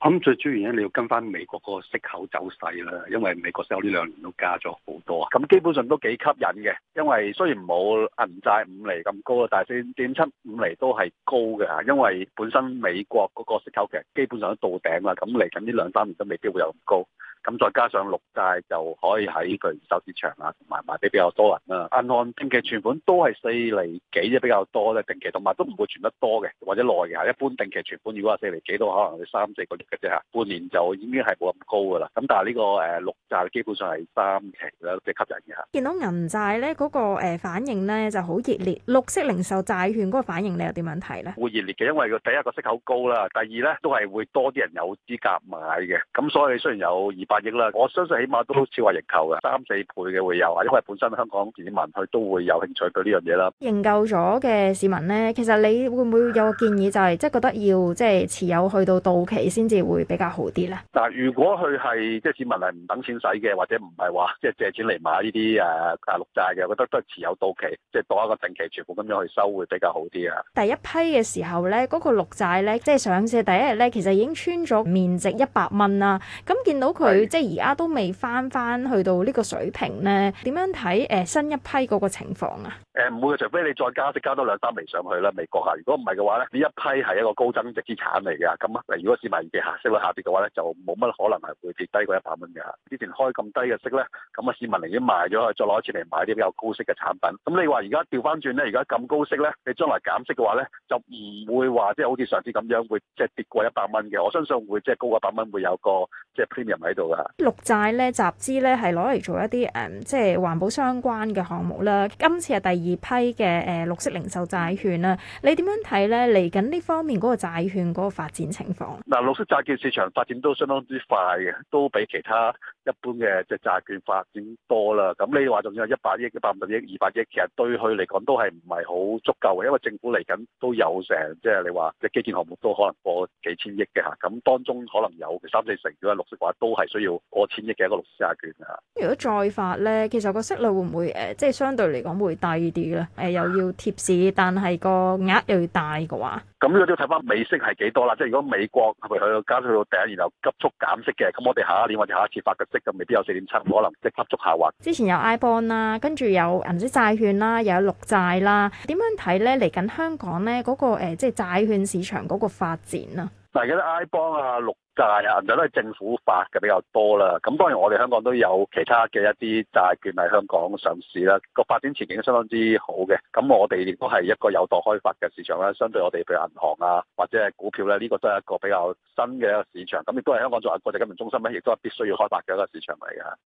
咁最主要原因你要跟翻美國嗰個息口走勢啦，因為美國息口呢兩年都加咗好多，咁基本上都幾吸引嘅。因為雖然冇銀債五厘咁高啦，但係四點七五厘都係高嘅吓。因為本身美國嗰個息口其實基本上都到頂啦，咁嚟緊呢兩三年都未必會有咁高。咁再加上綠債就可以喺個二手市場啊，同埋賣俾比較多人啦。銀行定期存款都係四厘幾啫，比較多咧，定期同埋都唔會存得多嘅，或者耐嘅一般定期存款如果係四厘幾，都可能要三四個月嘅啫嚇。半年就已經係冇咁高噶啦。咁但係呢個六綠債基本上係三期啦，即係吸引嘅。見見到銀債咧嗰個反應咧就好熱烈，綠色零售債券嗰個反應你又點樣睇咧？會熱烈嘅，因為個第一個息口高啦，第二咧都係會多啲人有資格買嘅。咁所以雖然有二百。我相信起碼都好似話認購嘅，三四倍嘅會有，因為本身香港市民佢都會有興趣對呢樣嘢啦。認購咗嘅市民咧，其實你會唔會有個建議，就係即係覺得要即係持有去到到期先至會比較好啲咧？但係，如果佢係即係市民係唔等錢使嘅，或者唔係話即係借錢嚟買呢啲誒大陸債嘅，我覺得都係持有到期，即係當一個定期存款咁樣去收會比較好啲啊。第一批嘅時候咧，嗰個綠債咧，即係上市第一日咧，其實已經穿咗面值一百蚊啦。咁見到佢。即係而家都未翻翻去到呢個水平咧，點樣睇誒新一批嗰個情況啊？誒唔、呃、會，除非你再加息加多兩三厘上去啦，美國啊！如果唔係嘅話咧，呢一批係一個高增值資產嚟嘅，咁啊，如果市民嘅下息率下跌嘅話咧，就冇乜可能係會跌低過一百蚊嘅。之前開咁低嘅息咧，咁啊，市民寧願賣咗去，再攞一次嚟買啲比較高息嘅產品。咁你話而家調翻轉咧，而家咁高息咧，你將來減息嘅話咧，就唔會話即係好似上次咁樣會即係跌過一百蚊嘅。我相信會即係、就是、高一百蚊會有個即係、就是、premium 喺度。綠債咧集資咧係攞嚟做一啲誒，即係環保相關嘅項目啦。今次係第二批嘅誒綠色零售債券啦。你點樣睇咧，嚟緊呢方面嗰個債券嗰個發展情況？嗱，綠色債券市場發展都相當之快嘅，都比其他一般嘅即係債券發展多啦。咁你話仲有一百億、一百五十億、二百億，其實對佢嚟講都係唔係好足夠嘅，因為政府嚟緊都有成，即係你話即基建項目都可能過幾千億嘅吓。咁當中可能有三四成如果係綠色嘅話，都係需。都要我千億嘅一個六四億券啊！如果再發咧，其實個息率會唔會誒，即係相對嚟講會低啲咧？誒、呃，又要貼市，但係個額又要大嘅話，咁呢個都睇翻美息係幾多啦。即係如果美國係咪去到加到頂然後急速減息嘅，咁我哋下一年或者下一次發嘅息就未必有四點七，可能即係急速下滑。之前有 I bond 啦，跟住有銀色債券啦，又有綠債啦。點樣睇咧？嚟緊香港咧、那、嗰個誒、呃，即係債券市場嗰個發展啊？係嗰啲 I 邦啊、綠債啊，就都係政府發嘅比較多啦。咁當然我哋香港都有其他嘅一啲債券喺香港上市啦。個發展前景相當之好嘅。咁我哋亦都係一個有待開發嘅市場啦。相對我哋譬如銀行啊，或者係股票咧，呢個都係一個比較新嘅一個市場。咁亦都係香港作為國際金融中心咧，亦都係必須要開發嘅一個市場嚟嘅。